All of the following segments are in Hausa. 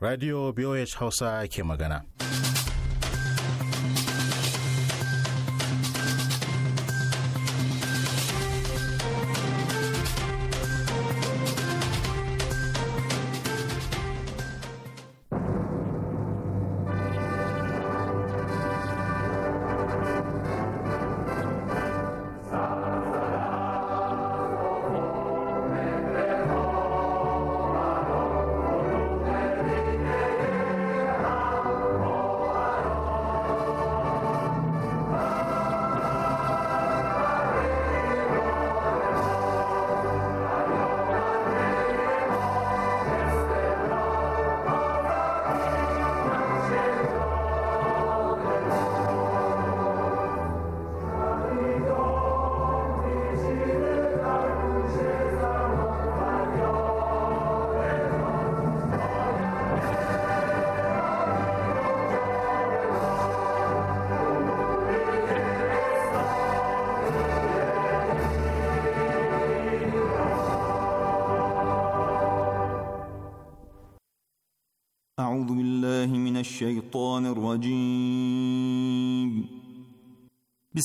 Radio BOH Hausa ke magana.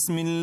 بسم الله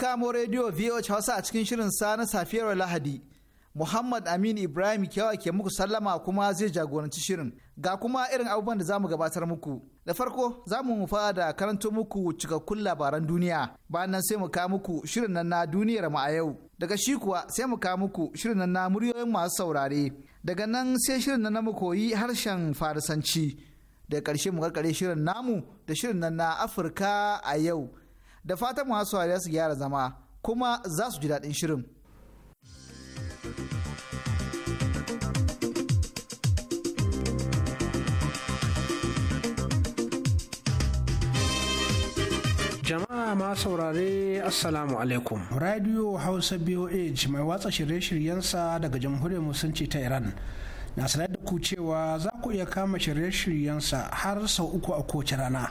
kamo rediyo VOH Hausa a cikin shirin sa na safiyar Lahadi. Muhammad Amin Ibrahim kyawa ke muku sallama kuma zai jagoranci shirin. Ga kuma irin abubuwan da zamu gabatar muku. Da farko za mu fada karanto muku cikakkun labaran duniya. Bayan nan sai mu kawo muku shirin nan na duniyar mu a yau. Daga shi kuwa sai mu kawo muku shirin nan na muryoyin masu saurare. Daga nan sai shirin nan na mu koyi harshen Farisanci. Daga karshe mu karkare shirin namu da shirin nan na Afirka a yau. da fatan masu wariya su gyara zama kuma za su ji daɗin shirin. jama'a ma saurare assalamu alaikum radio hausa boh mai watsa shirye-shiryensa daga jamhuriyar musulunci ta iran na sanar da ku cewa za ku iya kama shirye-shiryensa har sau uku a kowace rana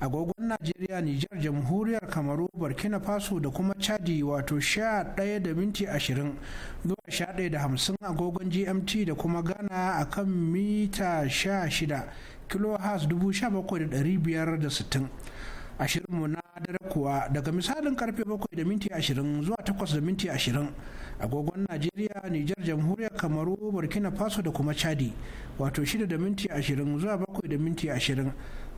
agogon najeriya nijar jamhuriyar kamaru burkina faso da kuma chadi wato sha ɗaya da minti ashirin zuwa sha ɗaya da hamsin agogon gmt da kuma ghana a kan mita sha shida kilohas dubu sha bakwai da ɗari biyar da sittin mu na dare kuwa daga misalin karfe bakwai da minti ashirin zuwa takwas da minti ashirin agogon najeriya nijar jamhuriyar kamaru burkina faso da kuma chadi wato shida da minti ashirin zuwa bakwai da minti ashirin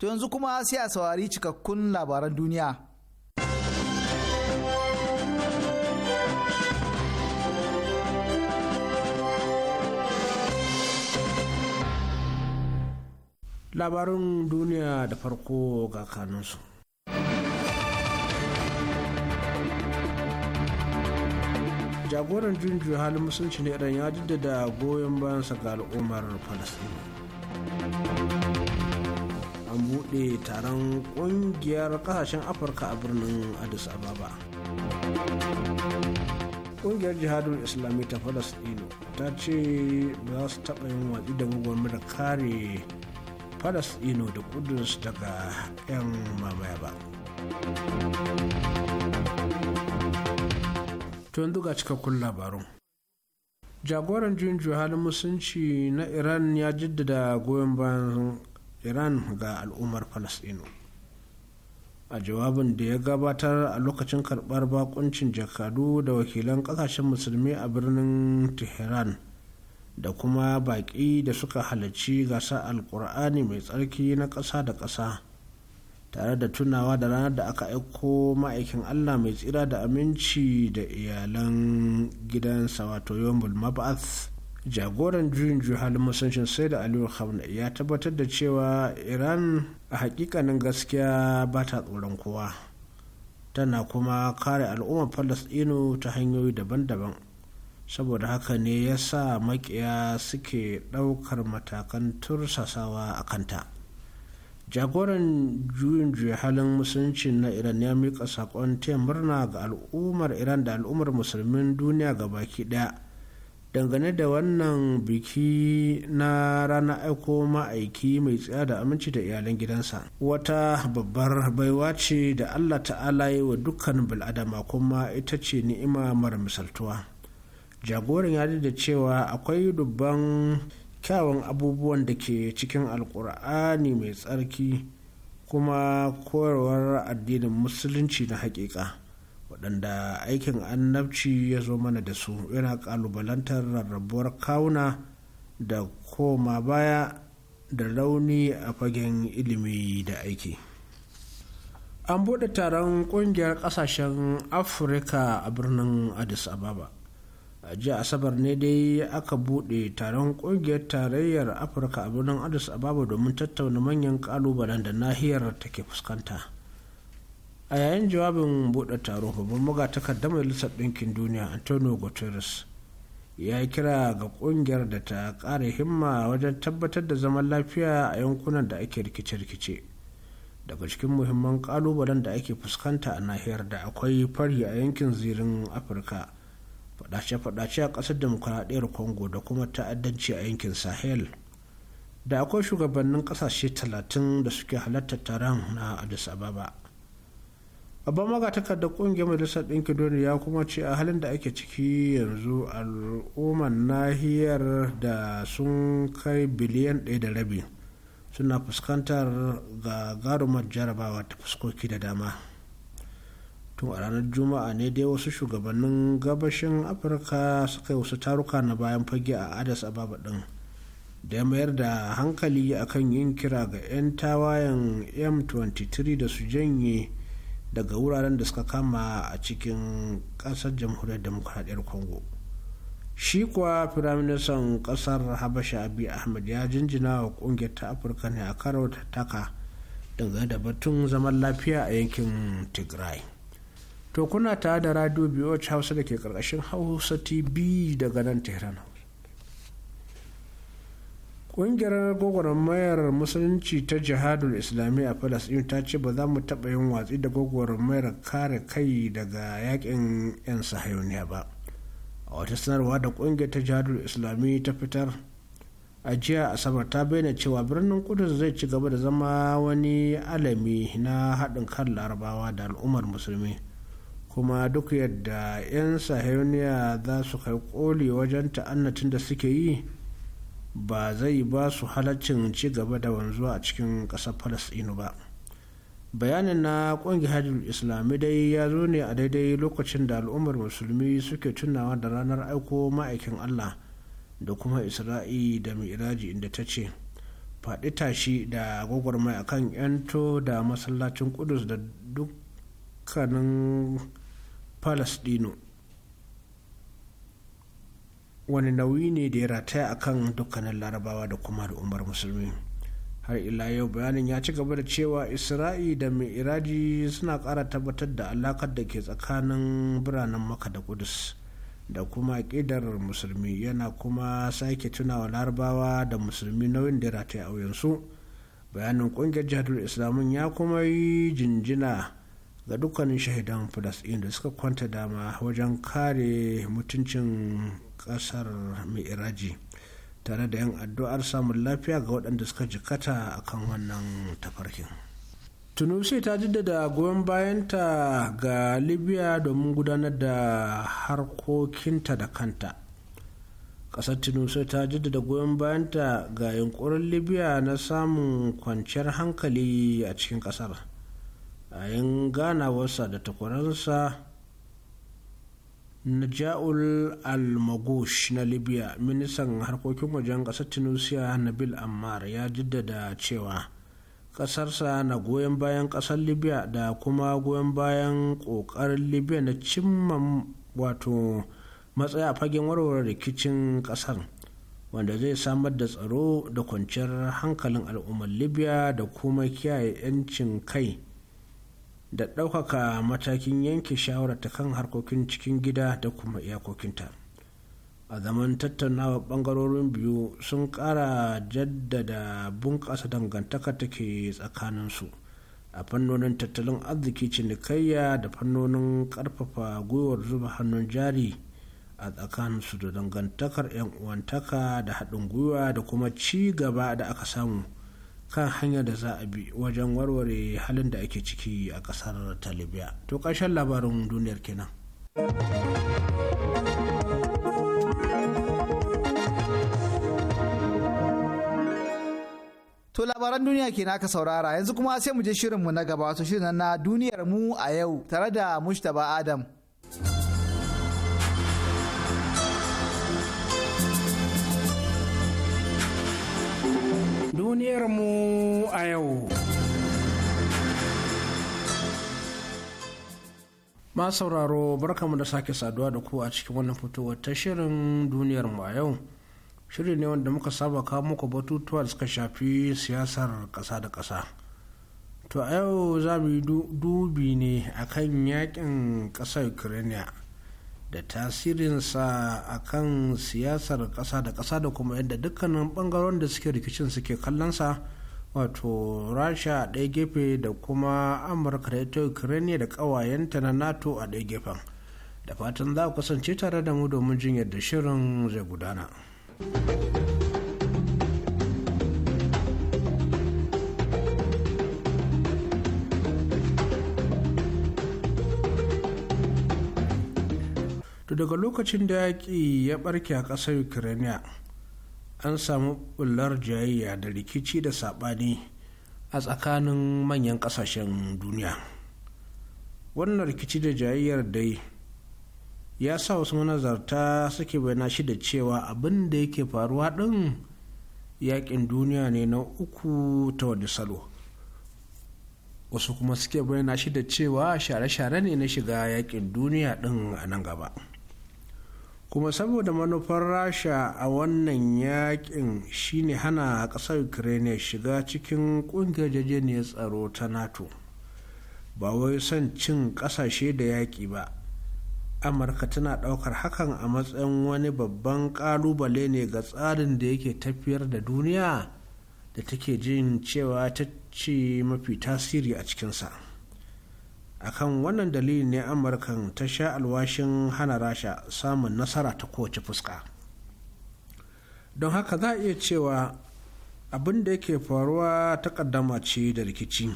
To yanzu kuma sai a saurari cikakkun labaran duniya. Labarin duniya da farko ga kanunsu. jagoran jin halin musulunci ne ya jaddada goyon bayansa ga al'ummar falasɗin an buɗe taron ƙungiyar ƙasashen afirka a birnin addis ababa ƙungiyar jihadun islami ta falasɗinu ta ce ba za su taɓa yin watsi da mugun da kare falasɗinu da kudus daga 'yan mamaya ba to yanzu ga cikakkun labarun jagoran juyin halin musulunci na iran ya jaddada goyon bayan iran ga al'ummar falasɗinu a jawabin da ya gabatar a lokacin karɓar bakuncin jakadu da wakilan ƙasashen musulmi a birnin tehran da kuma baƙi da suka halarci gasa alkur'ani mai tsarki na ƙasa da ƙasa tare da tunawa da ranar da aka aiko ma'aikin allah mai tsira da aminci da iyalan gidansa wato yawon mab'ath jagoran juyin juyin halin musancin sai da aliyu khamna ya tabbatar da cewa iran a hakikanin gaskiya ba ta tsoron kowa tana kuma kare al'ummar falasɗinu ta hanyoyi daban-daban saboda haka ne ya sa makiya suke ɗaukar matakan tursasawa a kanta jagoran juyin juya halin musulunci na iran ya mika saƙon taya murna ga al'ummar iran da al'ummar musulmin duniya ga baki ɗaya dangane da wannan biki na ranar aiko ma'aiki mai tsaya da aminci da iyalan gidansa wata babbar baiwa ce da allah ta'ala yi wa dukkan bil'adama kuma ita ce ni'ima mara misaltuwa jagoran ya da cewa akwai dubban kyawun abubuwan da ke cikin alkur'ani mai tsarki kuma koyarwar addinin musulunci na hakika waɗanda aikin annabci ya zo mana da su yana ƙalubalantar rarrabuwar kawuna da koma baya da rauni a fagen ilimi da aiki an buɗe taron ƙungiyar ƙasashen afirka a birnin addis ababa a jiya asabar ne dai aka buɗe taron ƙungiyar tarayyar afirka a birnin addis ababa domin tattauna manyan ƙalubalen da nahiyar take fuskanta a yayin jawabin buɗe taron babban magatakardar majalisar ɗinkin duniya antonio guterres ya yi kira ga ƙungiyar da ta ƙara himma wajen tabbatar da zaman lafiya a yankunan da ake rikice-rikice daga cikin muhimman ƙalubalen da ake fuskanta a nahiyar da akwai fari a yankin zirin afirka faɗace-faɗace a ƙasar demokuraɗiyar congo da kuma ta'addanci a yankin sahel da akwai shugabannin ƙasashe talatin da suke halartar taron na addis ababa babban magatakardar kungiyar majalisar Dinkin duniya ya kuma ce a halin da ake ciki yanzu al'ummar nahiyar da sun kai biliyan ɗaya da rabi suna fuskantar ga garumar jarabawa ta fuskoki da dama tun a ranar juma'a ne dai wasu shugabannin gabashin afirka suka yi wasu taruka na bayan fage a adas ababa ɗin da ya mayar da hankali akan yin kira ga 'yan tawayen m23 da su janye daga wuraren da suka kama a cikin ƙasar jamhuriyar demokuraɗiyar congo shi kuwa firaministan ƙasar habasha abi ahmed ya jinjina wa ƙungiyar ta afirka ne a karo ta taka dangane da batun zaman lafiya a yankin tigray to kuna tare da radio biyu hausa da ke karkashin hausa tv daga nan tehran ƙungiyar gwagwarmayar musulunci ta jihadul islami a falasɗin ta ce ba za mu taɓa yin watsi da gwagwarmayar kare kai daga yakin 'yan sahayoniya ba a wata sanarwa da ƙungiyar ta jihadul islami ta fitar a jiya asabar ta bayyana cewa birnin kudus zai ci gaba da zama wani alami na haɗin kan larabawa da al'ummar musulmi kuma duk yadda 'yan sahayoniya za su kai koli wajen ta'annatin da suke yi ba zai ba su halaccin ci gaba da wanzuwa a cikin ƙasar falasɗinu ba bayanin na ƙungiyar islami dai ya zo ne a daidai lokacin da al'ummar musulmi suke tunawa da ranar aiko ma'aikin allah da kuma isra'i da mi'raji inda ta ce faɗi tashi da a kan 'yanto da masallacin kudus da dukkanin palestino wani nauyi ne da ya rataya a kan dukkanin larabawa da kuma al'ummar musulmi har ila yau bayanin ya ci gaba da cewa isra'i da mai iraji suna kara tabbatar da alakar da ke tsakanin biranen maka da kudus da kuma ƙidar musulmi yana kuma sake tunawa larabawa da musulmi nauyin da ya rataya a wuyansu bayanin ƙungiyar jihadul islamun ya kuma yi jinjina ga dukkanin shahidan plus da suka kwanta dama wajen kare mutuncin kasar iraji tare da 'yan addu'ar samun lafiya ga waɗanda suka jikata akan kan wannan tafarkin tunusi ta jaddada goyon bayanta ga libya domin gudanar da harkokinta da kanta ƙasar tunusi ta jaddada goyon bayanta ga yunkurin libya na samun kwanciyar hankali a cikin ƙasar a yin gana wasa da takwaransa naja'ul al na libya ministan harkokin wajen ƙasar tunisia nabil ammar ya jaddada cewa ƙasarsa na goyon bayan ƙasar libya da kuma goyon bayan ƙoƙarin libya na cimma wato matsaya a fagen warware rikicin ƙasar wanda zai samar da tsaro da kwanciyar hankalin al'ummar libya da kuma kiyaye 'yancin kai da ɗaukaka matakin yanke shawarar ta kan harkokin cikin gida da kuma iyakokinta a zaman tattaunawa ɓangarorin biyu sun ƙara jaddada bunƙasa dangantaka take su a fannonin tattalin arziki cinikayya da fannonin ƙarfafa gwiwar zuba hannun jari a tsakaninsu da dangantakar 'yan uwantaka da haɗin gwiwa da kuma ci gaba da aka samu kan hanyar da za a bi wajen warware halin da ake ciki a ƙasar ta libya to ƙarshen labarin duniyar kenan To labaran duniya ke naka saurara yanzu kuma sai mu je shirinmu na gaba to shirin na duniyar mu a yau tare da Mustapha Adam. duniyarmu a yau. Ma sauraro barkamu da sake saduwa da ku a cikin wannan fitowar ta shirin duniyar mu a yau. shirin ne wanda muka saba kawo muku batutuwa da suka shafi siyasar kasa da kasa To a yau za mu yi dubi ne akan yakin ƙasar Ukraine da tasirinsa a kan siyasar ƙasa da ƙasa da kuma yadda dukkanin ɓangarorin da suke rikicin suke kallonsa wato rasha a ɗaya gefe da kuma amurka da ita ukraine da ƙawayenta na nato a ɗaya gefen da fatan za ku kasance tare da mu domin jin yadda shirin zai gudana. daga lokacin da yaƙi ya barke a ƙasar ukraine an samu bullar jayayya da rikici da saɓani a tsakanin manyan ƙasashen duniya wannan rikici da jayayyar dai ya sa wasu manazarta suke bayyana shi da cewa abin da yake faruwa ɗin yaƙin duniya ne na uku ta wani salo wasu kuma suke bayyana shi da cewa share-share ne na shiga yaƙin duniya ɗin a nan gaba. kuma saboda manufar rasha a wannan yakin shine hana kasar ukraine shiga cikin kungiyar jajeniyar tsaro ta nato ba wai son cin kasashe da yaki ba amurka tana daukar hakan a matsayin wani babban kalubale ne ga tsarin da yake tafiyar da duniya da take jin cewa ta ce mafi tasiri a cikinsa. akan wannan dalilin ne amurkan ta sha alwashin hana rasha samun nasara ta kowace fuska don haka za a iya cewa abin da yake faruwa kaddama ce da rikici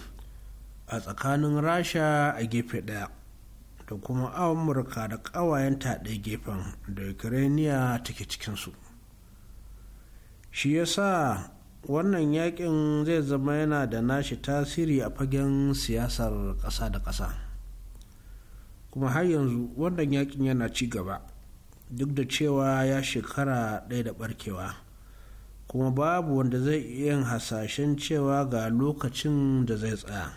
a tsakanin rasha a gefe ɗaya da kuma amurka da ta ɗaya gefen da ukrainiya take cikinsu shi yasa wannan yakin zai zama yana da nashi tasiri a fagen siyasar ƙasa da ƙasa kuma har yanzu wannan yakin yana ci gaba duk da cewa ya shekara ɗaya da ɓarkewa kuma babu wanda zai iya yin hasashen cewa ga lokacin da zai tsaya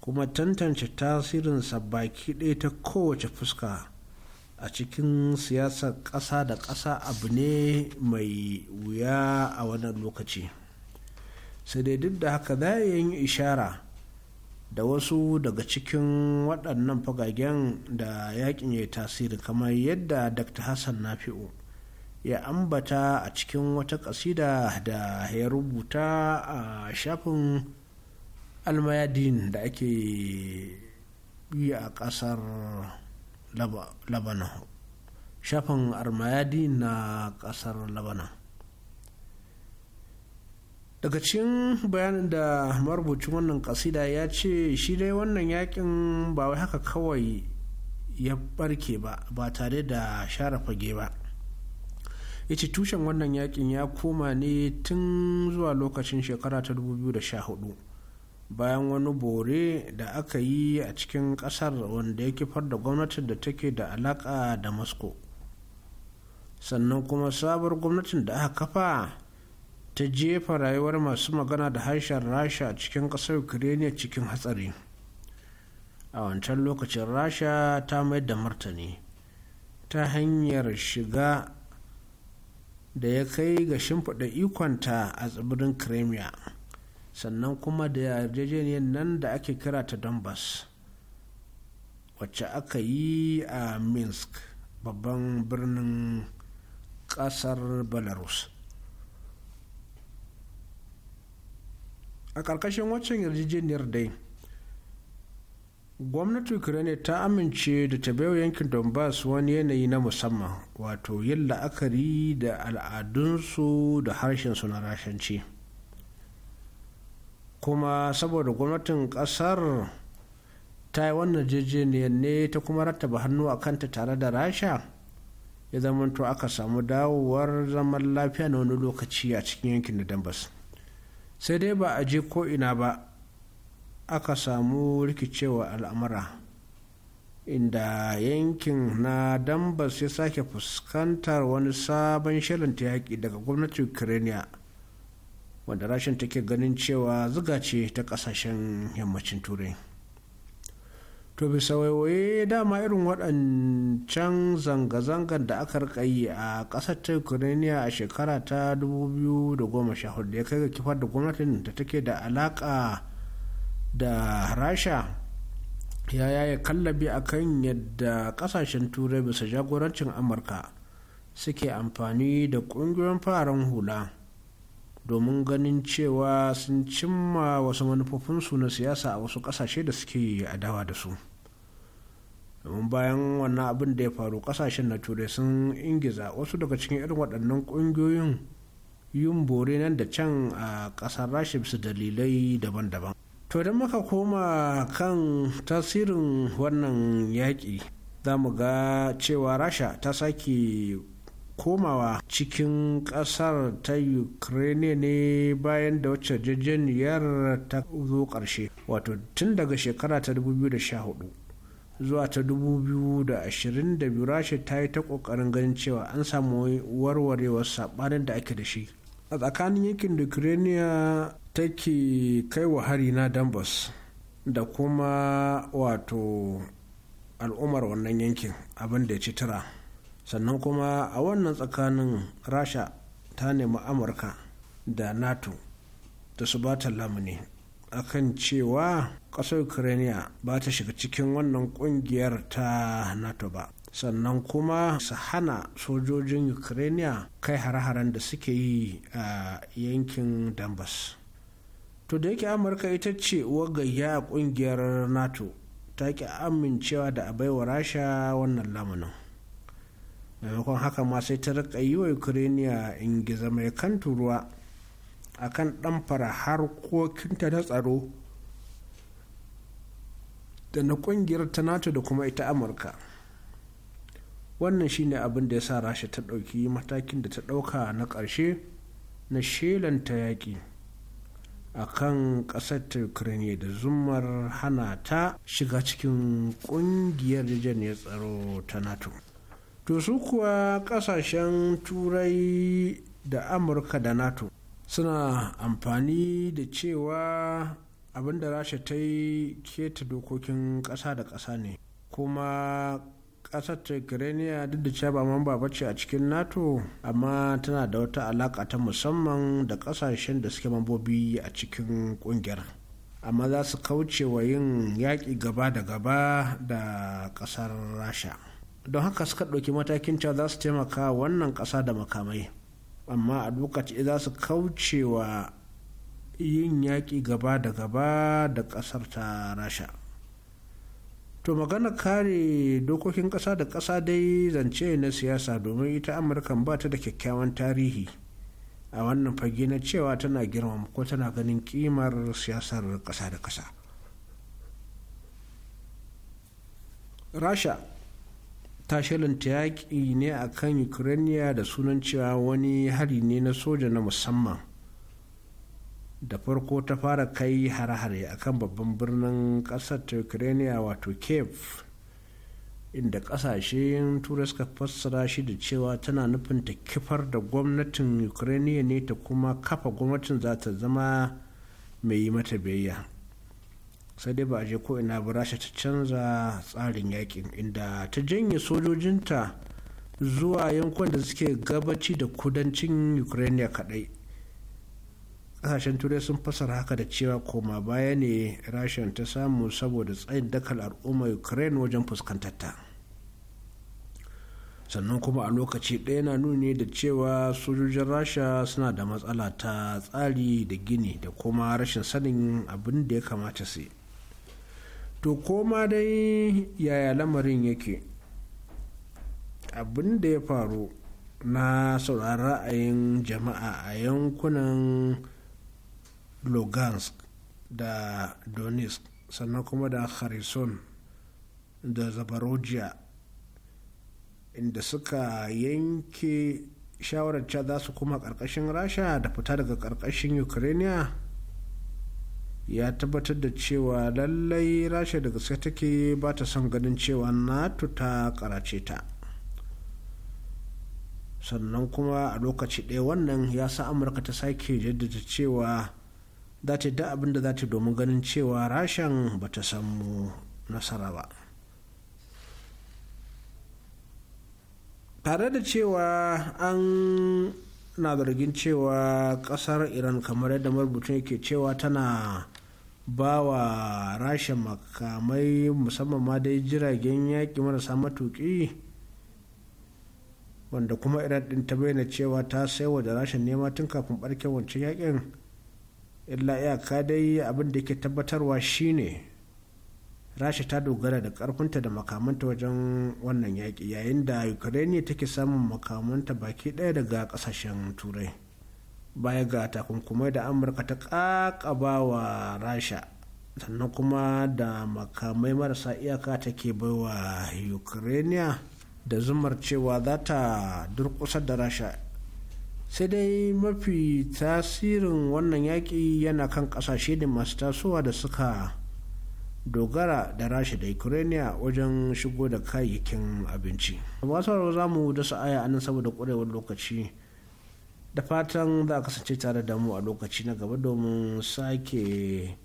kuma tantance tasirinsa baki ɗaya ta kowace fuska a cikin siyasar ƙasa da ƙasa abu ne mai wuya a wannan lokaci sai dai duk da haka za yi ishara da wasu daga cikin waɗannan fagagen da yakin ya tasiri kamar yadda dr hassan nafi'u ya ambata a cikin wata ƙasida da ya rubuta a shafin almayadin da ake yi a ƙasar labanon shafin armayadi na kasar labanon daga cikin bayanin da marubucin wannan kasida ya ce shi dai wannan yakin ba wai haka kawai ya barke ba ba tare da share fage ba ya ce tushen wannan yakin ya koma ne tun zuwa lokacin shekara ta 2014 bayan wani bore da aka yi a cikin kasar wanda ya kifar da gwamnatin da take da alaka da masko sannan kuma sabuwar gwamnatin da aka kafa ta jefa rayuwar masu magana da harshen rasha cikin kasar ukraine cikin hatsari a wancan lokacin rasha ta mai da martani ta hanyar shiga da ya kai ga shimfiɗa ikonta a tsibirin crimea sannan kuma da yarjejeniyar nan da ake kira ta donbass wacce aka yi a minsk babban birnin kasar belarus a ƙarƙashin waccan yarjejeniyar dai gwamnati ukraine ta amince da ta baiwa yankin donbass wani yanayi na musamman wato yin la'akari da al'adunsu da harshensu na rashanci. kuma saboda gwamnatin kasar ta yi wannan jejeniyar ne ta kuma rattaba hannu a kanta tare da rasha ya zamanto aka samu dawowar zaman lafiya na wani lokaci a cikin yankin da dambas sai dai ba a je ko'ina ba aka samu rikicewa al'amura inda yankin na dambas ya sake fuskantar wani sabon shirin ta yaƙi daga gwamnatin ukraine wanda rashin take ganin cewa zuga ce ta kasashen yammacin turai to bisa waiwaye dama irin waɗancan zanga-zangar da aka rika yi a ƙasar ta ukraine a shekara ta 2014 ya kai ga kifar da gwamnatin da take da alaƙa da rasha ya yaya kallabi a kan yadda ƙasashen turai bisa jagorancin amurka suke amfani da ƙungiyoyin fararen hula domin ganin cewa sun cimma wasu manufofinsu na siyasa a wasu kasashe da suke adawa da su domin bayan wannan abin da ya faru ƙasashen na turai sun ingiza wasu daga cikin irin waɗannan ƙungiyoyin yin bore nan da can a ƙasar rashin su dalilai daban-daban to idan muka koma kan tasirin wannan yaƙi za mu ga cewa rasha ta sake komawa cikin ƙasar ta ukraine ne bayan da wacce jajjeniyar ta zo ƙarshe wato tun daga shekara ta 2014 zuwa ta 2022 rasha ta yi ta ƙoƙarin ganin cewa an samu warwarewar saɓanin da ake da shi a tsakanin yankin ukraine ke kai wa hari na donbass da kuma wato al'ummar wannan yankin abin da ya ci tara sannan kuma a wannan tsakanin rasha ta nemi amurka da nato da su ba ta lamuni akan cewa ƙasar ukraina ba ta shiga cikin wannan ƙungiyar ta nato ba sannan kuma su hana sojojin ukraina kai hare-haren da suke yi a yankin donbass to da yake amurka ita ce uwar gayya a ƙungiyar nato ta ki amincewa da a wa rasha wannan lamunin maimakon haka ma sai ta rika yi wa ukraina ingiza mai kan turuwa akan ɗamfara harkokinta na tsaro da na kungiyar ta nato da kuma ita amurka wannan shine abin da ya sa rasha ta ɗauki matakin da ta ɗauka na ƙarshe na ta yaƙi a kan ƙasar ta ukraine da zumar hana ta shiga cikin ƙungiyar jijiyar tsaro ta nato to su kuwa kasashen turai da amurka da nato suna amfani da cewa abin da rasha ta yi keta dokokin ƙasa da ƙasa ne kuma ƙasar tigiraniya duk da cewa ba mamba ba ce a cikin nato amma tana da wata alaƙa ta musamman da ƙasashen da suke mambobi a cikin ƙungiyar amma za su kauce wa yin yaƙi gaba da gaba da ƙasar rasha don haka suka ɗauki matakin cewa za su taimaka wannan ƙasa da makamai amma a lokaci za su kaucewa yin yaƙi gaba da gaba da ƙasar ta rasha to magana kare dokokin ƙasa da ƙasa dai zance na siyasa domin ita amurkan ba ta da kyakkyawan tarihi a wannan fage na cewa tana girmama ko tana ganin kimar siyasar ƙasa da ƙasa rasha ta shirinta yaƙi ne a kan ukraine da sunan cewa wani hari ne na soja na musamman da farko ta fara kai hare-hare a kan babban birnin ƙasar ta ukraine wato kiev inda ƙasashen turai suka fassara shi da cewa tana nufin ta kifar da gwamnatin ukraine ne ta kuma kafa gwamnatin za ta zama mai yi mata biyayya sai dai ba a je ko'ina ba rasha ta canza tsarin yakin inda ta janye sojojinta zuwa yankunan da suke gabaci da kudancin ukraine kadai kasashen turai sun fasara haka da cewa koma baya ne rashin ta samu saboda tsayin dakal al'umma ukraine wajen fuskantar ta sannan kuma a lokaci ɗaya na nuni da cewa sojojin rasha suna da matsala ta tsari da gini da kuma rashin sanin abin da ya kamata su to koma dai yaya lamarin yake abin da ya faru na sauraron ra'ayin jama'a a yankunan lugansk da donetsk sannan kuma da harrison da zaporozhia inda suka yanke shawarar cewa za su kuma ƙarƙashin rasha da fita daga ƙarƙashin ukraine ya tabbatar da cewa lallai rasha da gaske take ba ta son ganin cewa nato ta karace ta sannan kuma a lokaci ɗaya wannan ya sa amurka ta sake jaddada cewa za ta da abin da za ta domin ganin cewa rashan ba ta samu nasara ba tare da cewa an na zargin cewa ƙasar iran kamar yadda marubucin yake cewa tana bawa rasha makamai musamman ma dai jiragen yaƙi marasa matuƙi wanda kuma iran ɗin ta bayyana cewa ta sai da rashin nema tun kafin ɓarke wancan yaƙin illa iyaka dai abin da ke tabbatarwa shine rasha ta dogara da ƙarfinta da makamanta wajen wannan yaƙi yayin da ukraine take samun makamanta baki ɗaya daga ƙasashen turai baya ga takunkumai da amurka ta kakaba wa rasha sannan kuma da makamai marasa iyaka take baiwa ukraine da zumar cewa za ta durkusa da rasha sai dai mafi tasirin wannan yaƙi yana kan ƙasashe ne masu tasowa da suka dogara da rasha da ukraine wajen shigo da kayayyakin abinci masu za mu dasa aya anan saboda ƙwarewar lokaci da fatan za a kasance tare da mu a lokaci na gaba domin sake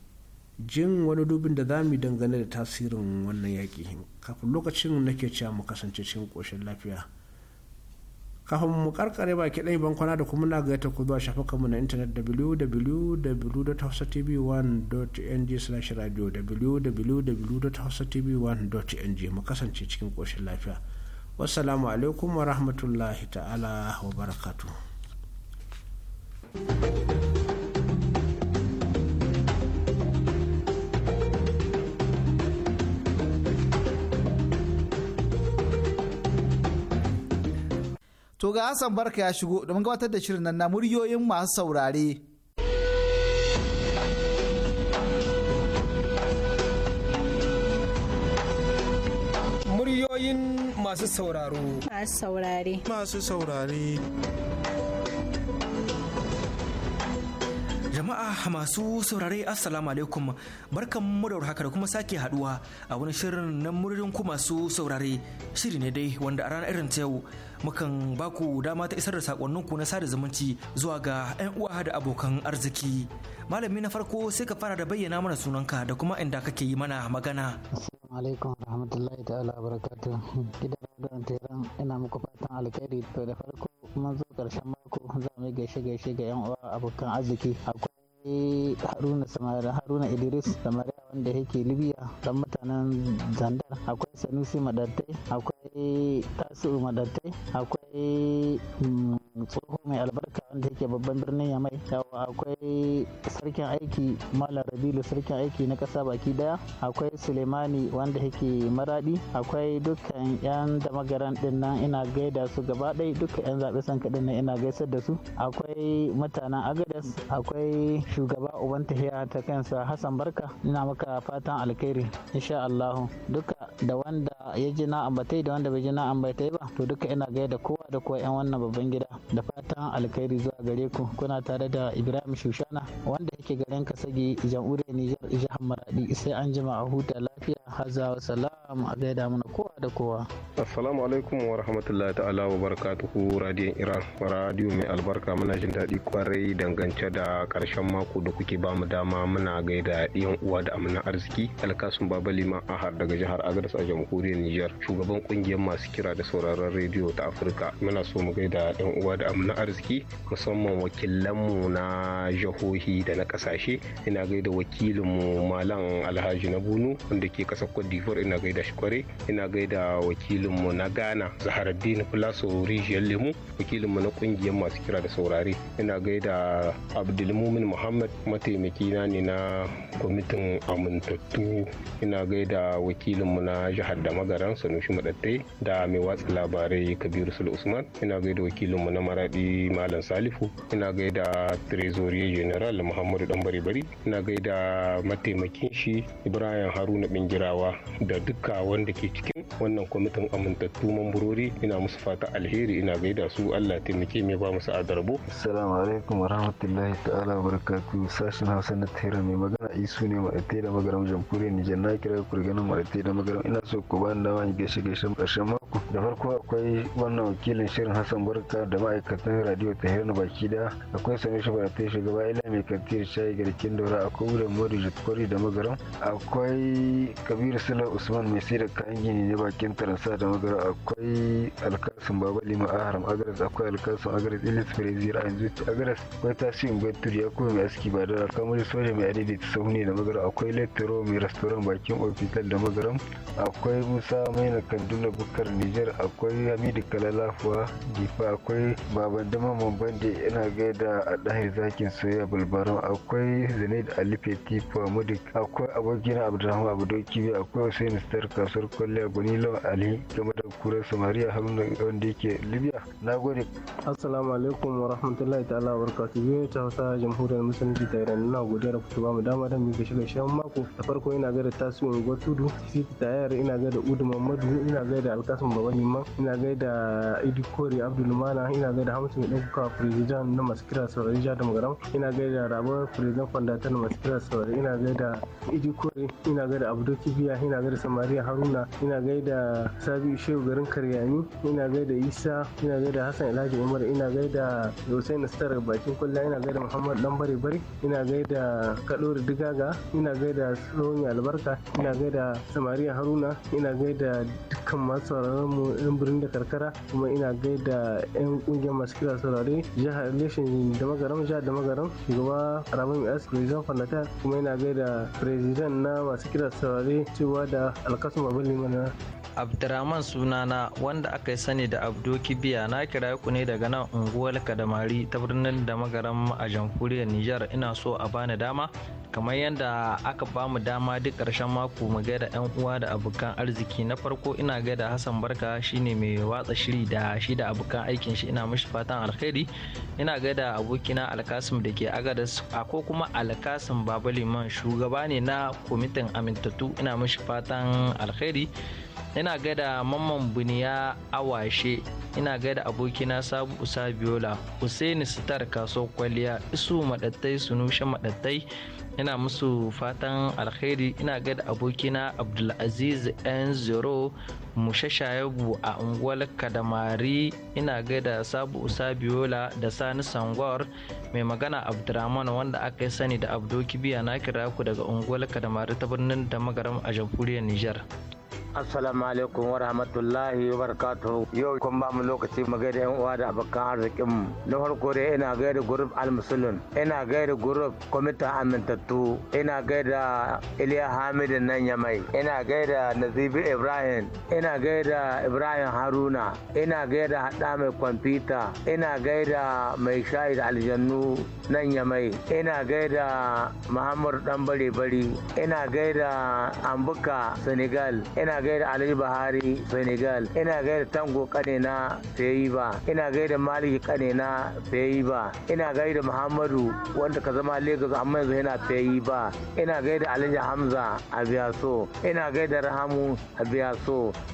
jin wani dubin da za mu dangane da tasirin wannan yaƙi kafin lokacin nake cewa mu kasance cikin ƙoshin lafiya kafin mu karkare baki ɗaya bankwana kwana da kuma na gayyata ku zuwa mu na intanet www.hausatv1.ng slash radio www.hausatv1.ng mu kasance cikin ƙoshin lafiya wassalamu alaikum wa rahmatullahi ta'ala wa barakatu. To ga Hassan Barka ya shigo domin gabatar da shirin nan na muryoyin masu saurare. Muryoyin masu sauraro. Masu saurare. Masu saurare. jama'a masu saurare assalamu alaikum barkan mu haka da kuma sake haduwa a wani shirin na muririn ku masu saurare shiri ne dai wanda a ranar irin ta yau mukan baku dama ta isar da sakonnin ku na sada zumunci zuwa ga 'yan uwa da abokan arziki malami na farko sai ka fara da bayyana mana sunanka da kuma inda kake yi mana magana alaikum rahmatullahi ta'ala barakatu gidan radon teran ina muku fatan alkhairi to da farko kuma zo karshen mako za gaishe gaishe ga yan uwa abokan arziki akwai haruna samari haruna idris samari wanda yake libya dan mutanen zandar akwai sanusi madattai akwai tasiru madattai akwai mm, tsoho mai albarka wanda yake babban birnin yamai yawa akwai sarkin aiki malam rabilu sarkin aiki na kasa baki daya akwai sulemani wanda yake maradi akwai dukkan yan damagaran din nan ina gaida su gaba ɗaya dukkan yan zaɓe san nan ina gaisar da su akwai mutanen agadas akwai shugaba uban tafiya ta kansa Hassan Barka ina maka fatan alkhairi insha Allah duka da wanda ya ji na ambatai da wanda bai ji na ambatai ba to duka ina gaya da kowa da kowa yan wannan babban gida da fatan alkhairi zuwa gare ku kuna tare da Ibrahim Shushana wanda yake garin Kasagi jamhuriyar Nijar jihar Maradi sai an jima a huta lafiya hazawa salam a gaida mana kowa da kowa assalamu alaikum wa rahmatullahi ta'ala wa barakatuhu radiyon Iran radio mai albarka muna jin daɗi kwarai dangance da karshen mako mako da kuke ba mu dama muna gaida yan uwa da amina arziki alkasun baba liman ahar daga jihar agadas a jamhuriyar niger shugaban kungiyar masu kira da sauraron rediyo ta afirka muna so mu gaida yan uwa da amina arziki musamman wakilanmu na jihohi da na kasashe ina gaida wakilinmu malam alhaji na bunu wanda ke kasar cote ina gaida shi kware ina gaida wakilinmu na ghana zaharaddin plaso rijiyar lemu wakilinmu na kungiyar masu kira da saurare ina gaida abdulmumin muhammad muhammad mataimaki na ne na kwamitin amintattu ina gaida wakilinmu na jihar da magaran sanushi madattai da mai watsa labarai kabiru sul usman ina gaida wakilin mu na maradi malam salifu ina gaida trezorier general muhammadu dan bari bari ina gaida mataimakin shi ibrahim haruna bingirawa da duka wanda ke cikin wannan kwamitin amintattu mamburori ina musu fata alheri ina gaida su allah taimake mai ba musu adarbo assalamu alaikum warahmatullahi ta'ala barakatu alaikum sashen hausa na tera mai magana isu ne maɗatai da magaram jamhuriyar nijar na kira ku ganin maɗatai da magaram ina so ku ba dama in gaishe gaishe karshen mako da farko akwai wannan wakilin shirin hassan barka da ma'aikatan radio ta hirna baki da akwai sami shi yi shugaba ila mai kantir shayi garkin daura akwai wuri mori jikwari da magaram akwai kabiru sula usman mai sai da kayan gini ne bakin taransa da magaram akwai alkasin babali ma'aharam agaras akwai alkasun agaras ilis firizir a yanzu agaras akwai tasirin turi ya mai aski ba da kamar soja mai adaidaita sahu ne da magaram akwai lettero mai restoran bakin ofisar da magaram akwai musa na kaduna bukar niger akwai hamidu kalalafuwa difa akwai baban dama mamban da yana gaida a ɗahir zakin soya bulbaran akwai zanid alifeti feti akwai abokina abdulrahman abdoki akwai hussein star kasuwar kwalliya gwani lawan ali game da kura samariya haruna wanda yake libya na gode assalamu alaikum wa rahmatullahi ta'ala wa barakatuhu ta hausa jamhuriyar musulunci ta iran na godiya da kuke da dama don muke shiga shan mako da farko ina gaida tasu unguwar tudu siti tayar ina gaida udu mamadu ina gaida alkasim baba liman ina gaida da idikori abdul mana ina gaida hamsin mai ɗaukaka firizidan na maskira kira saurari jihar damgaram ina gaida rabuwar firizidan fandata na maskira kira saurari ina gaida da idikori ina gaida abdul kibiya ina gaida samariya haruna ina gaida sabi shehu garin karyani ina gaida isa ina gaida hassan alhaji umar ina gaida hussein star bakin kulla ina gaida muhammad dan bari ina gaida kadori digaga ina gaida tsohon albarka ina gaida samariya haruna ina gaida dukkan masu sauraron mu yan birnin da karkara kuma ina gaida yan kungiyar masu kira saurare jihar leshin da magaram jihar da magaram shugaba ramin s president fanata kuma ina gaida president na masu kira saurare cewa da alkasum abin limana abdurrahman sunana wanda aka yi sani da abdo kibiya na kira ku ne daga nan unguwar kadamari ta birnin da magaran a jamhuriyar nijar ina so a bani dama kamar yadda aka bamu dama duk ƙarshen mako mu gaida yan uwa da abokan arziki na farko ina gaida hassan barka shine mai watsa shiri da shi da abokan aikin shi ina mishi fatan alkhairi ina gaida abokina alkasim da ke agadas a ko kuma alkasim babaliman shugaba ne na kwamitin amintattu ina mishi fatan alkhairi ina gada mamman buniya awashe ina gada abokina sabu biola Hussaini sitar kaso kwaliya isu madattai sunushe madattai ina musu fatan alkhairi ina gada abokina abdulaziz n zero mushashayabu a unguwar kadamari ina gada sabu biola da sani sangwar mai magana abdurrahman wanda aka yi sani da abdo na kira ku daga unguwar kadamari ta birnin da magaram a jamhuriyar nijar. assalamu alaikum wa rahmatullahi wa barakatuhu yau kun ba mu lokaci mu gaida yan uwa da abokan arzikin mu na farko dai ina gaida group al-muslim ina gaida group kwamitin amintattu ina gaida iliya hamidin nan mai ina gaida nazibi ibrahim ina gaida ibrahim haruna ina gaida hada mai kwamfuta ina gaida mai shayi da aljannu nan mai ina gaida muhammadu dan bare bari ina gaida ambuka senegal ina gaida Ali Bahari Senegal ina gaida Tango kane na ba ina gaida Maliki kane na ba ina gaida Muhammadu wanda ka zama Lagos amma yanzu yana ba ina gaida Alhaji Hamza a ina gaida Rahamu a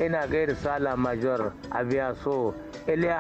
ina gaida Sala Major a Biyaso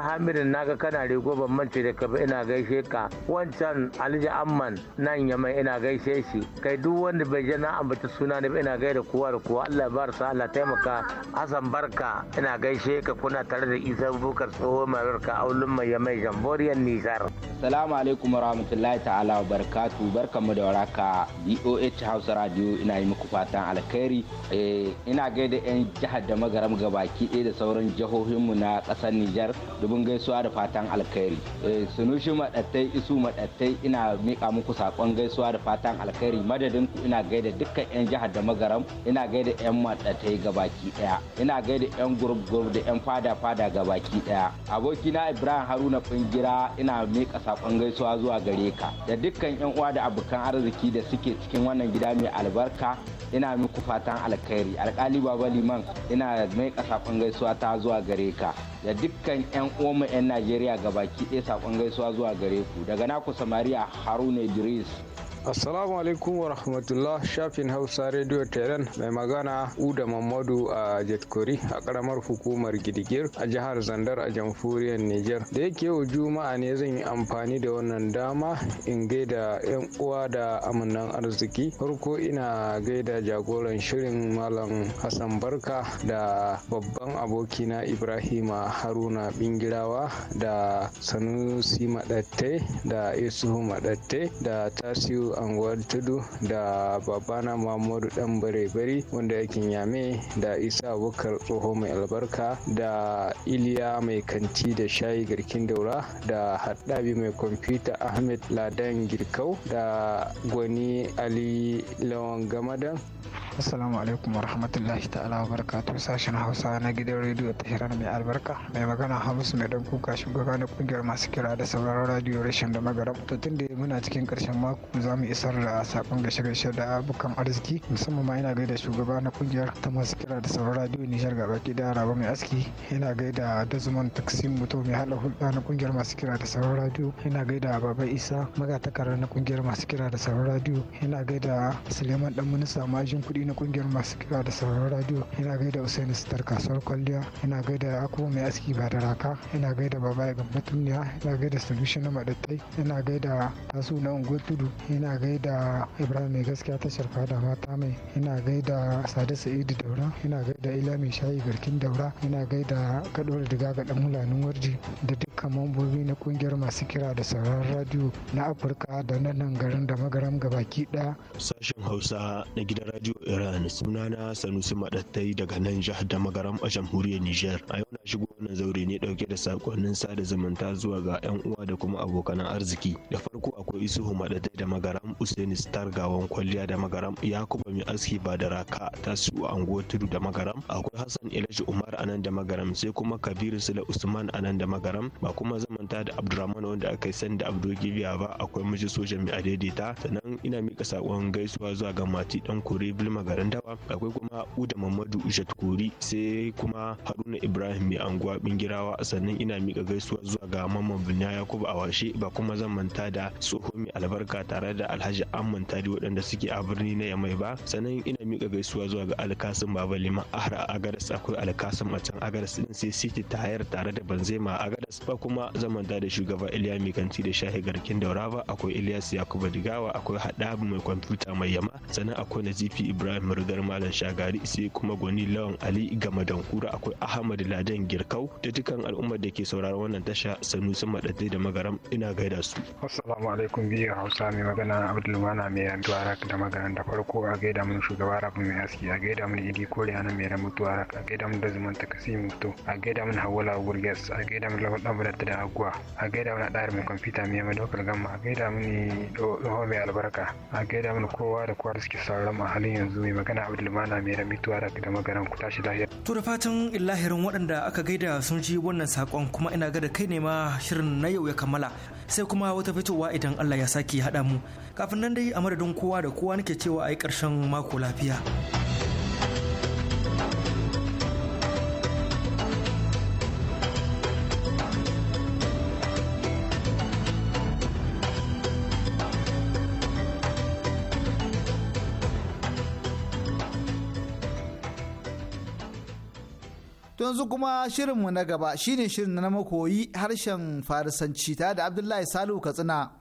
Hamid na ga kana rigo ban mance da ka ina gaishe ka wancan Alhaji Amman nan yamma ina gaishe shi kai duk wanda bai jana na ambata suna ne ina gaida kowa da kowa Allah ya bar sa Allah taimaka ka azan barka ina gaishe ka kuna tare da isa bukar tsoho ka aulun mai mai jamboriyar nijar salamu alaikum warahmatullahi ta'ala wa barakatu barkamu da waraka doh hausa radio ina yi muku fatan alkhairi eh, ina gaida yan jihar da magaram gabaki ɗaya da sauran jihohinmu na ƙasar nijar dubin gaisuwa da fatan alkhairi eh, sunushi maɗattai isu maɗattai ina mika muku saƙon gaisuwa da fatan alkhairi madadin ku ina gaida dukkan yan jihar da magaram ina gaida yan maɗattai gaba baki daya ina gaida yan group group da yan fada fada ga baki daya abokina ibrahim haruna kungira ina mika sakon gaisuwa zuwa gare ka da dukkan yan uwa da abokan arziki da suke cikin wannan gida mai albarka ina muku fatan alkhairi alkali baba liman ina mika sakon gaisuwa ta zuwa gare ka da dukkan yan uwanmu yan najeriya ga baki daya sakon gaisuwa zuwa gare ku daga naku samaria haruna idris Assalamu alaikum wa rahmatullah shafin Hausa Radio Tehran mai magana Uda Mamadu a Jetkori a karamar hukumar Gidigir a jihar Zandar a jamhuriyar Niger. Da yake yau Juma'a ne zan yi amfani da wannan dama in gaida 'yan uwa da amannan arziki. Farko ina gaida jagoran shirin Malam Hassan Barka da babban abokina Ibrahima Haruna Bingirawa da Sanusi Madatte da Isuhu Madatte da Tasiu Anguwar Tudu da babana mamadu Dan Bare-bari wanda yakin Yame da Isa Bukar Tsoho Mai Albarka da Iliya Mai Kanti da Shayi Garkin Daura da Haddabi Mai Kwamfuta Ahmed Ladan Girkau da Gwani Ali Lawan Gamadan. Assalamu alaikum warahmatullahi ta'ala wa barakatuh sashen Hausa na gidan rediyo ta shirar mai albarka mai magana Hamisu mai dan kuka shugaba na kungiyar masu kira da sauraron radiyo rashin da magaram to tun da muna cikin karshen mako za mu isar da sakon gashe gashe da abokan arziki musamman ma yana gaida shugaba na kungiyar ta masu kira da sauran radio nijar gaba ki da raba mai aski ina gaida dazuman taksim mutum mai hada hulɗa na kungiyar masu kira da sauran radio ina gaida baba isa magatakara na kungiyar masu kira da sauran radio ina gaida suleiman dan minista majin kuɗi na kungiyar masu kira da sauran radio ina gaida usaini sitar kasuwar kwalliya ina gaida akwai mai aski ba da raka ina gaida baba ya gambatuniya ina gaida solution na madattai ina gaida tasu na tudu ina ina gaida ibrahim mai gaskiya tashar fada mata mai ina gaida sadi sa'idu daura ina gaida ila mai shayi garkin daura ina gaida kaɗuwar diga ga dan mulanin warji da dukkan mambobi na kungiyar masu kira da sauran radio na afirka da na nan garin da magaram ga baki daya sashen hausa na gidan radio iran suna na sanusi madattai daga nan jihar da magaram a jamhuriyar niger a yau na shigo wannan zaure ne dauke da sakonnin sada zumunta zuwa ga 'yan uwa da kuma abokan arziki da farko akwai isuhu madattai da magaram magaram usaini star gawan kwalliya da magaram yakuba mai aski ba da raka ta tasu ango tudu da magaram akwai hassan ilaji umar anan da magaram sai kuma kabiru sula usman anan da magaram ba kuma zamanta da Abdulrahman wanda aka yi san da gibiya ba akwai miji soja mai adaidaita sannan ina mika sakon gaisuwa zuwa ga mati dan kore bilma garin dawa akwai kuma uda mamadu ushat kori sai kuma haruna ibrahim mai anguwa bingirawa sannan ina mika gaisuwa zuwa ga mamman binya yakubu awashe ba kuma manta da tsohon mai albarka tare da alhaji amman tali waɗanda suke a birni na yamai ba sannan ina mika gaisuwa zuwa ga alkasim baba liman ahra a agadas akwai alkasim a can agadas din sai city tayar tare da banzema a agadas ba kuma zamanta da shugaba iliya mikanti da shahi garkin ba akwai ilyas yakuba digawa akwai haɗabu mai kwamfuta mai yama sannan akwai nazifi ibrahim rigar malam shagari sai kuma gwani lawan ali gama dankura akwai ahmad ladan girkau da dukkan al'ummar da ke sauraron wannan tasha sanusi maɗaɗe da magaram ina gaida su assalamu alaikum biyu hausa mai magana sunana abdulmana mai yantuwa rak da maganin da farko a gaida mun shugaba rabu mai haske a gaida mun idi kore ana mai ramutuwa rak a gaida mun dazuman kasi mutu a gaida mun hawala gurgas a gaida mun lawan dan bada da aguwa a gaida mun ɗari mai kwamfuta mai yamma daukar gamma a gaida mun tsoho mai albarka a gaida mun kowa da kowa da suke sauraron a halin yanzu mai magana abdulmana mai ramutuwa rak da maganin ku tashi lahiya. to da fatan illahirin waɗanda aka gaida sun ji wannan saƙon kuma ina ga da kai ne ma shirin na yau ya kammala sai kuma wata fitowa idan Allah ya sake haɗa mu kafin nan dai a madadin kowa da kowa nake cewa a yi ƙarshen mako lafiya. To yanzu kuma shirinmu na gaba shine shirin na makoyi harshen Farisanci Ta da Abdullahi Salihu Katsina.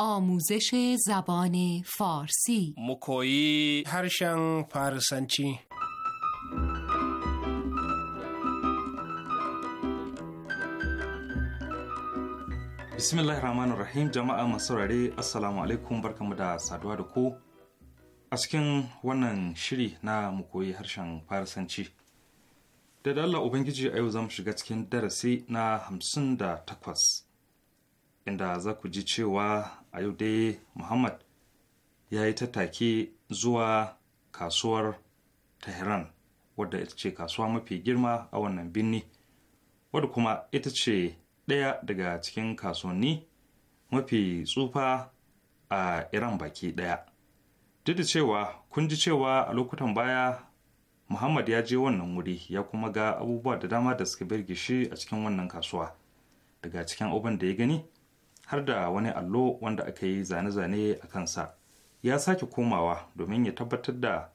آموزش زبان فارسی مکویی هرشن فارسنچی Bismillahir Rahmanir Rahim jama'a masu saurare Assalamu alaikum barkamu da saduwa da ku a cikin wannan shiri na mu koyi harshen Farisanci. Da da Allah Ubangiji a yau za mu shiga cikin darasi na hamsin da takwas inda za ku ji cewa a yau dai Muhammad ya yi tattaki zuwa kasuwar Tehran wadda ita ce kasuwa mafi girma a wannan birni wadda kuma ita ce ɗaya daga cikin kasuwanni mafi tsufa a Iran baki ɗaya. Duk da cewa kun ji cewa a lokutan baya Muhammad ya je wannan wuri ya kuma ga abubuwa da dama da suka birge shi a cikin wannan kasuwa. Daga cikin abin da ya gani har da wani allo wanda aka yi zane-zane a kansa. Ya sake komawa domin ya tabbatar da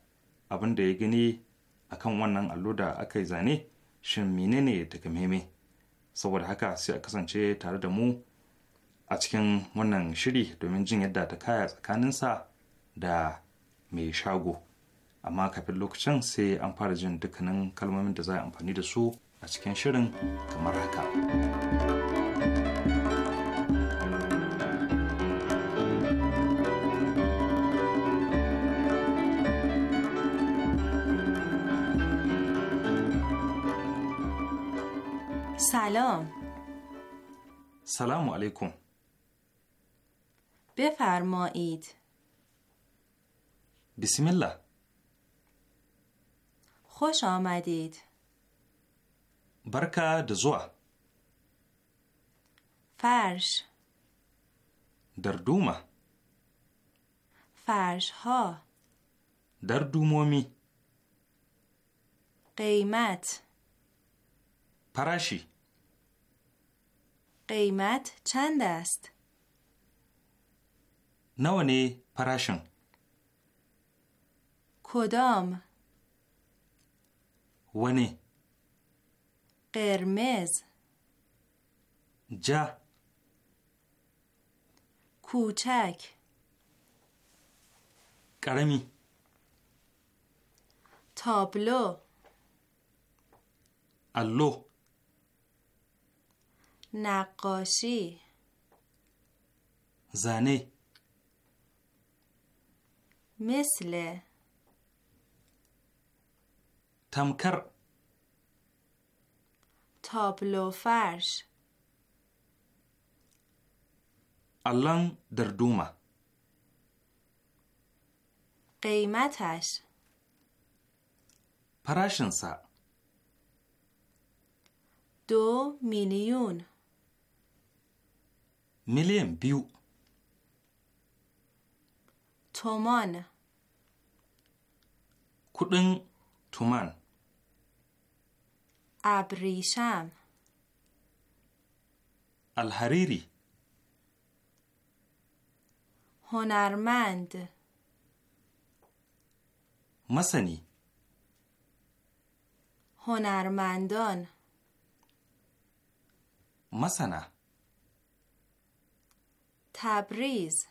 abin da ya gani a kan wannan allo da aka yi zane shin menene ta saboda haka sai a kasance tare da mu a cikin wannan shiri domin jin yadda ta kaya tsakanin sa da mai shago amma kafin lokacin sai an fara jin dukkanin kalmomin da za a amfani da su a cikin shirin kamar haka. سلام سلام علیکم بفرمایید بسم الله خوش آمدید برکه دزوا فرش در دومه فرش ها در دومومی قیمت پراشی قیمت چند است؟ نوانی پراشن کدام ونی قرمز جه کوچک کرمی تابلو الو نقاشی زنه مثل تمکر تابلو فرش الان در دومه قیمتش پراشنسا دو میلیون ملیم بیو تومان کدن تومان ابریشم الحریری هنرمند مسنی هنرمندان مسنه تبریز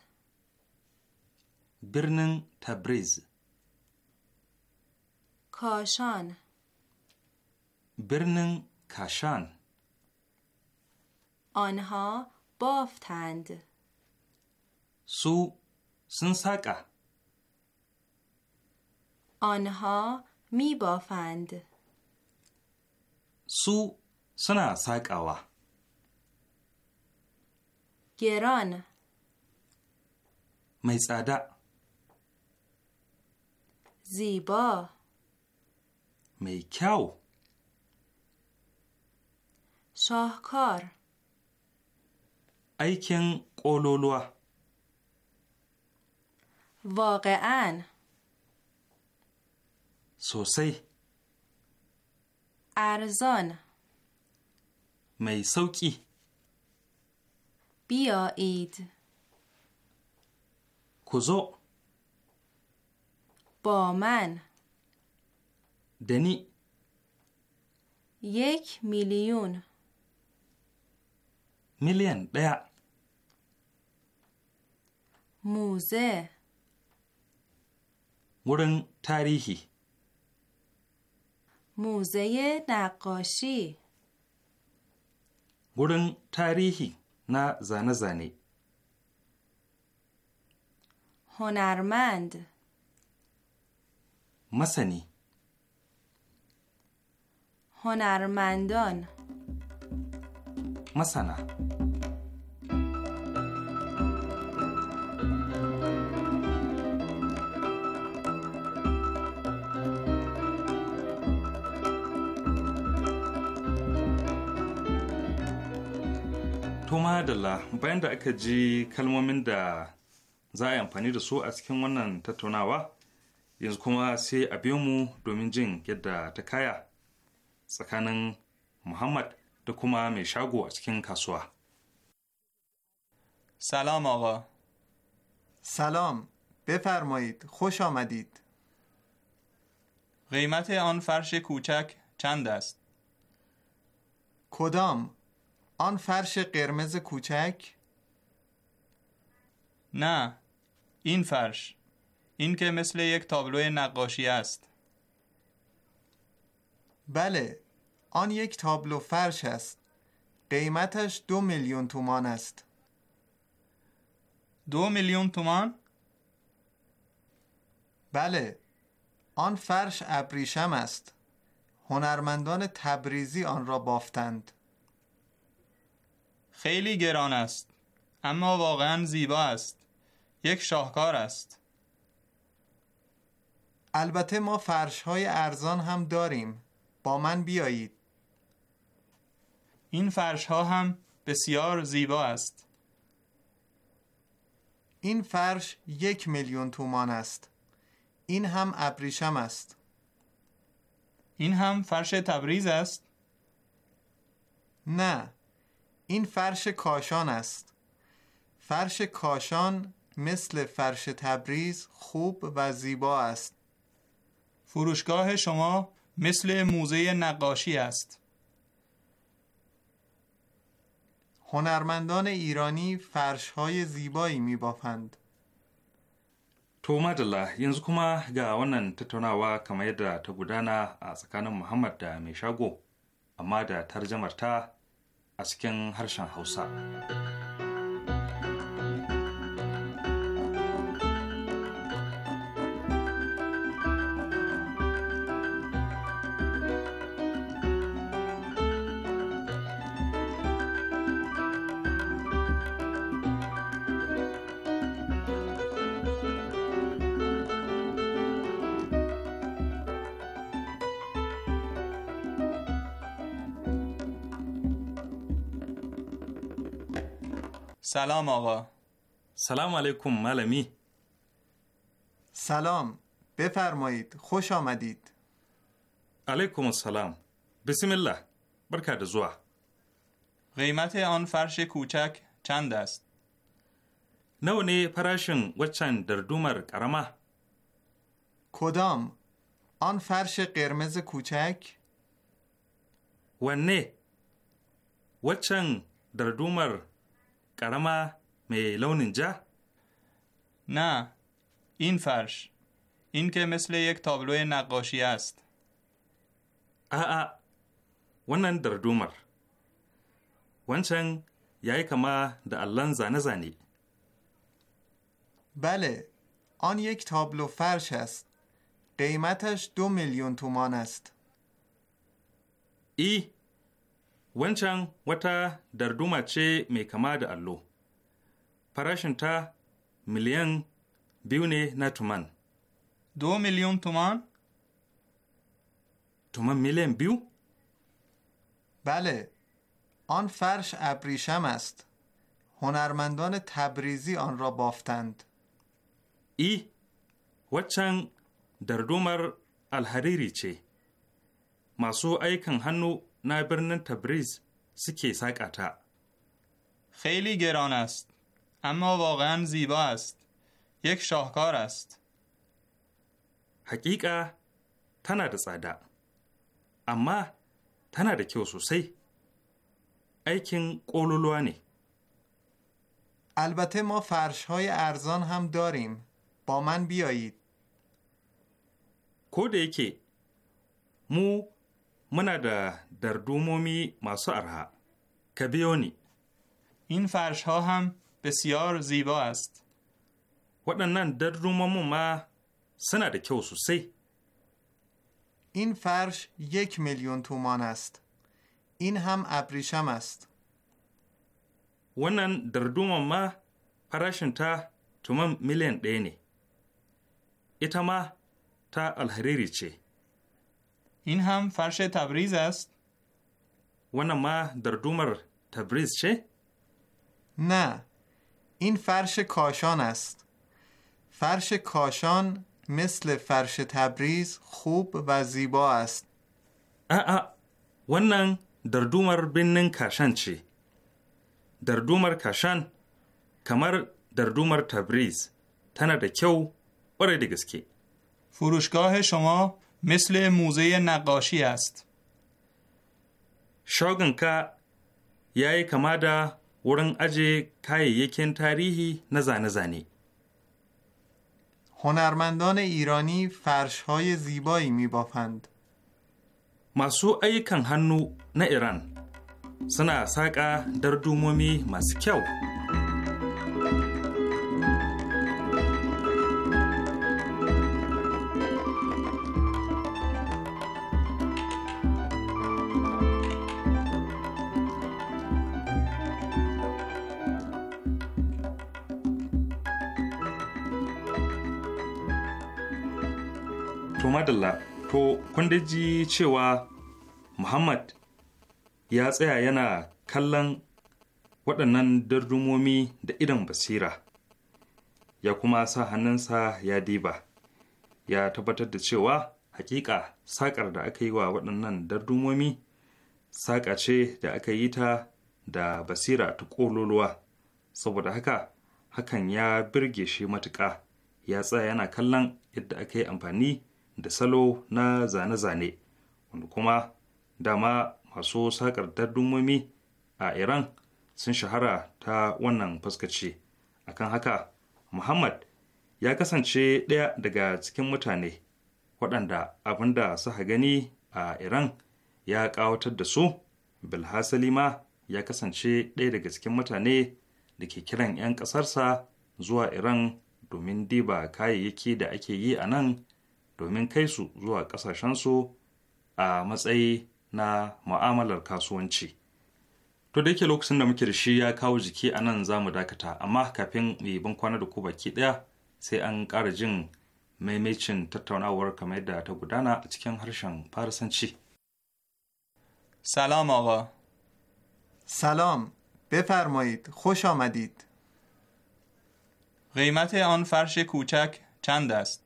برنن تبریز کاشان برنن کاشان آنها بافتند سو سنساکا آنها می بافند سو سنا ساکاوا گران mai tsada Zibo. mai kyau Sokor. aikin ƙololuwa واقعا sosai Arzon. mai sauƙi بیایید کزو با من دنی یک میلیون میلیون بیا موزه ورن تاریخی موزه نقاشی ورن تاریخی نه زنه زنی هنرمند مسنی هنرمندان مسنا To madalla bayan da aka ji kalmomin da za a yi amfani da su a cikin wannan tattaunawa yanzu kuma sai a biyo mu domin jin yadda ta kaya tsakanin muhammad da kuma mai shago a cikin kasuwa سلام آقا سلام بفرمایید خوش آمدید قیمت آن فرش کوچک چند است؟ کدام؟ آن فرش قرمز کوچک؟ نه این فرش این که مثل یک تابلو نقاشی است بله آن یک تابلو فرش است قیمتش دو میلیون تومان است دو میلیون تومان؟ بله آن فرش ابریشم است هنرمندان تبریزی آن را بافتند خیلی گران است اما واقعا زیبا است یک شاهکار است البته ما فرش های ارزان هم داریم با من بیایید این فرش ها هم بسیار زیبا است این فرش یک میلیون تومان است این هم ابریشم است این هم فرش تبریز است نه این فرش کاشان است فرش کاشان مثل فرش تبریز خوب و زیبا است. فروشگاه شما مثل موزه نقاشی است. هنرمندان ایرانی فرش های زیبایی می بافند. تو ما این ینزو کما گا تتونا و کما یدا تا گودانا ا سکانن محمد می میشاگو اما دا ترجمه تا اسکن هرشان هاوسا سلام آقا سلام علیکم ملمی سلام بفرمایید خوش آمدید علیکم السلام بسم الله برکت زوا قیمت آن فرش کوچک چند است نو نه پراشن وچن در دومر کرمه کدام آن فرش قرمز کوچک و نه وچن در دومر کرما می لون جه؟ نه این فرش این که مثل یک تابلو نقاشی است آ ونن در دومر یای کما kama da زانه زنی بله آن یک تابلو فرش است قیمتش دو میلیون تومان است ای wancan wata darduma ce mai kama da allo farashinta miliyan biyu ne na tuman do miliyan tuman tuman miliyan biyu bale آن فرش abri است هنرمندان تبریزی آن را بافتند ای وچن در دومر الحریری چه ماسو نه برنن تبریز سکی ساقاتا خیلی گران است اما واقعا زیبا است یک شاهکار است حقیقه تنا da اما اما تنا da کیو سوسی البته ما فرش های ارزان هم داریم با من بیایید کود که مو muna da dardumomi masu arha ka biyo این فرش ها هم بسیار زیبا است waɗannan dardumomon ma suna da kyau sosai این فرش یک میلیون تومان است این هم ابریشم است wannan darduman ma farashinta tuman miliyan ɗaya ne ita ma ta alhariri ce این هم فرش تبریز است؟ ون ما در دومر تبریز چه؟ نه این فرش کاشان است فرش کاشان مثل فرش تبریز خوب و زیبا است اا ونن در دومر بینن کاشان چی؟ در دومر کاشان کمر در دومر تبریز تنه ده کیو برای فروشگاه شما مثل موزه نقاشی است. شاگنکا یای کمادا ورن اجه یکن تاریخی نزان زانی. هنرمندان ایرانی های زیبایی می بافند. ای کن هنو na ایران. سنا ساقا در ماسکیو. ماسکیو. madalla to kun ji cewa muhammad ya tsaya yana kallon waɗannan dardumomi da idan basira ya kuma sa hannunsa ya diba ya tabbatar da cewa hakika saƙar da aka yi wa waɗannan dardumomi saƙa ce da aka yi ta da basira ta ƙololuwa saboda haka hakan ya birge shi matuƙa ya tsaya yana kallon yadda aka yi amfani da salo na zane-zane wanda kuma dama masu sakar dardumomi a iran sun shahara ta wannan fuskaci akan haka muhammad ya kasance ɗaya daga cikin mutane waɗanda abin da suka gani a iran ya ƙawatar da su bilhassali ma ya kasance ɗaya daga cikin mutane da ke kiran 'yan ƙasarsa zuwa iran domin diba kayayyaki da ake yi a nan domin kai su zuwa ƙasashensu a matsayi na mu'amalar kasuwanci. To da yake lokacin da muke da shi ya kawo jiki a nan za mu dakata, amma kafin mu kwana da ku baki ɗaya sai an ƙara jin maimacin tattaunawar kamar yadda ta gudana a cikin harshen Farisanci. salom آقا سلام بفرمایید خوش آمدید قیمت آن فرش کوچک چند است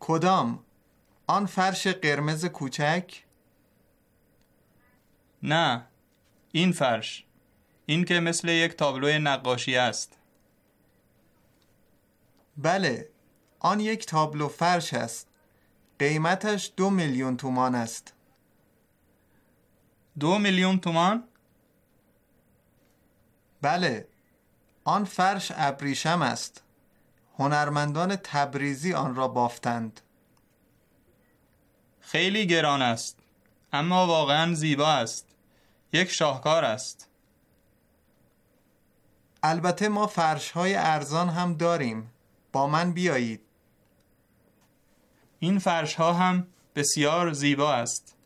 کدام آن فرش قرمز کوچک نه این فرش این که مثل یک تابلو نقاشی است بله آن یک تابلو فرش است قیمتش دو میلیون تومان است دو میلیون تومان؟ بله آن فرش ابریشم است هنرمندان تبریزی آن را بافتند خیلی گران است اما واقعا زیبا است یک شاهکار است البته ما فرش های ارزان هم داریم با من بیایید این فرش ها هم بسیار زیبا است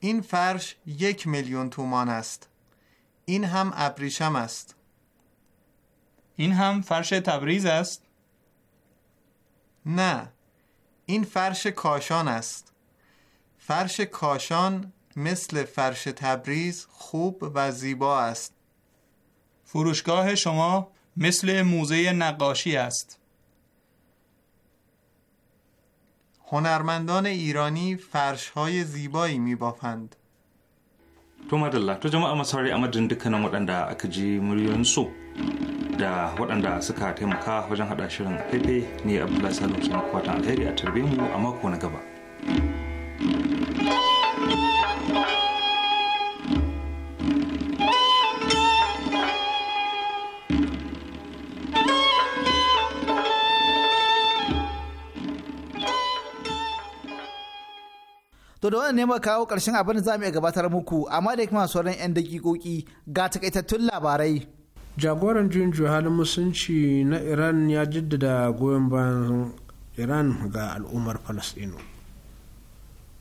این فرش یک میلیون تومان است این هم ابریشم است این هم فرش تبریز است؟ نه این فرش کاشان است فرش کاشان مثل فرش تبریز خوب و زیبا است فروشگاه شما مثل موزه نقاشی است هنرمندان ایرانی فرش های زیبایی می بافند تو مدلله تو اما waɗanda da waɗanda suka taimaka wajen haɗa shirin fefe ne abdullahi salo ke makwatan alheri a tarbe mu a mako na gaba To da wannan ne kawo karshen abin da za mu iya gabatar muku amma da kuma sauran 'yan dakikoki ga takaitattun labarai. jagoran juyin halin musulunci na iran ya jaddada goyon bayan iran ga al'ummar falasɗinu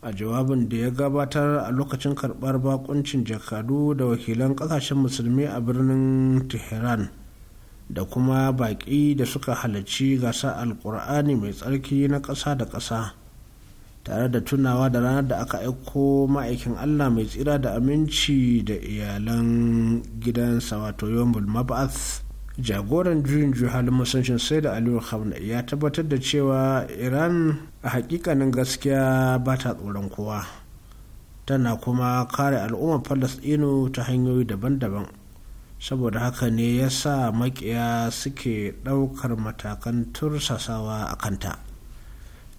a jawabin da ya gabatar a lokacin karbar bakuncin jakadu da wakilan ƙasashen musulmi a birnin tehran da kuma baƙi da suka halarci gasa alkur'ani mai tsarki na ƙasa da ƙasa tare da tunawa da ranar da aka aiko ma'aikin allah mai tsira da aminci da iyalan gidansa wato yombul mab'ath jagoran juyin halin musanshin sai da aliyu khamna ya tabbatar da cewa iran a hakikanin gaskiya ba ta tsoron kowa tana kuma kare al'ummar falasɗinu ta hanyoyi daban-daban saboda haka ne ya sa makiya suke ɗaukar matakan tursasawa a kanta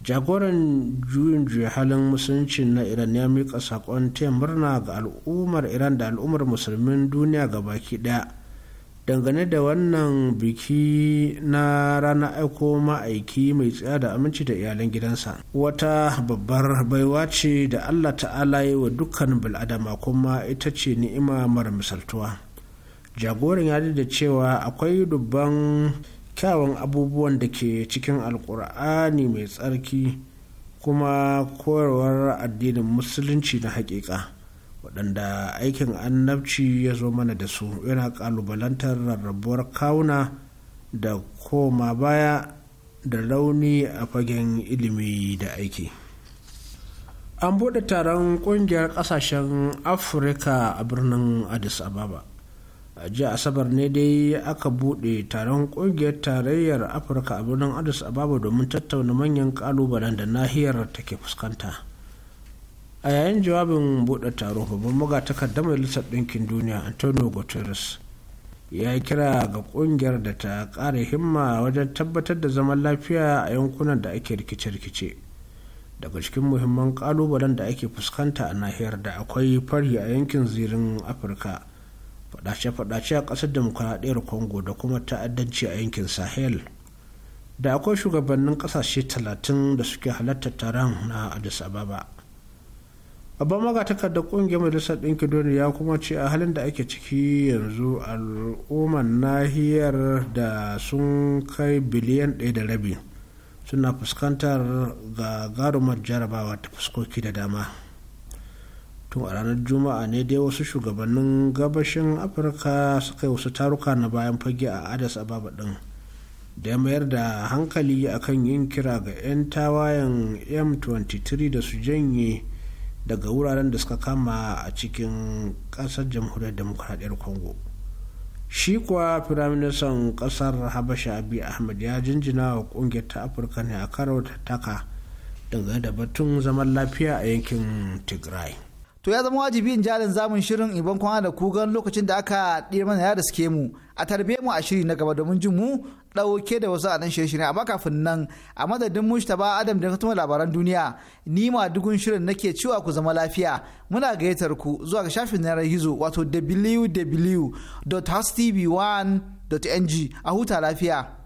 jagoran juyin juya halin musulunci na iran ya mika sakon taya murna ga al'ummar iran da al'ummar musulmin duniya ga baki daya dangane da wannan biki na rana aiko ma'aiki mai tsaya da aminci da iyalan gidansa wata babbar baiwa ce da allah ta'ala yi wa dukkan bil'adama kuma ita ce ni'ima mara misaltuwa jagoran ya da cewa akwai dubban kyawun abubuwan da ke cikin alkur'ani mai tsarki kuma koyarwar addinin musulunci na hakika waɗanda aikin annabci ya zo mana da su yana ƙalubalantar rarrabuwar kawuna da koma baya da rauni a fagen ilimi da aiki an buɗe taron ƙungiyar ƙasashen afirka a birnin addis ababa a jiya asabar ne dai aka bude taron kungiyar tarayyar afirka a birnin addis ababa domin tattauna manyan kalubalen da nahiyar take fuskanta a yayin jawabin buɗe taro babban magatakardar majalisar ɗinkin duniya antonio guterres ya kira ga kungiyar da ta ƙara himma wajen tabbatar da zaman lafiya a yankunan da ake rikice-rikice daga cikin muhimman kalubalen da ake fuskanta a nahiyar da akwai fari a yankin zirin afirka fadace-fadace a ƙasar demokuraɗiyar congo da kuma ta'addanci a yankin sahel da akwai shugabannin ƙasashe talatin da suke halartar taron na addis ababa babban magatakar takardar ƙungiyar majalisar ɗinkin duniya kuma ce a halin da ake ciki yanzu al'ummar nahiyar da sun kai biliyan ɗaya da rabi suna fuskantar ga garumar jarabawa ta fuskoki da dama tun a ranar juma'a ne dai wasu shugabannin gabashin afirka suka yi wasu taruka na bayan fage a addis ababa din da mayar da hankali akan yin kira ga 'yan tawayen m23 da su janye daga wuraren da suka kama a cikin kasar jamhuriyar demokradiyyar congo shi kuwa firaministan kasar habasha abi ahmad ya jinjina wa kungiyar ta afirka ne a karo ta taka dangane da batun zaman lafiya a yankin tigray to ya zama wajibi in jalin zamun shirin iban kwana da kugan lokacin da aka ɗira mana ya riske mu a tarbe mu a shiri na gaba domin jin mu ɗauke da wasu a nan shirye-shirye amma kafin nan a madadin ba adam da kuma labaran duniya ni ma dugun shirin nake cewa ku zama lafiya muna gayyatar ku zuwa ga shafin yanar gizo wato www.hostv1.ng a huta lafiya.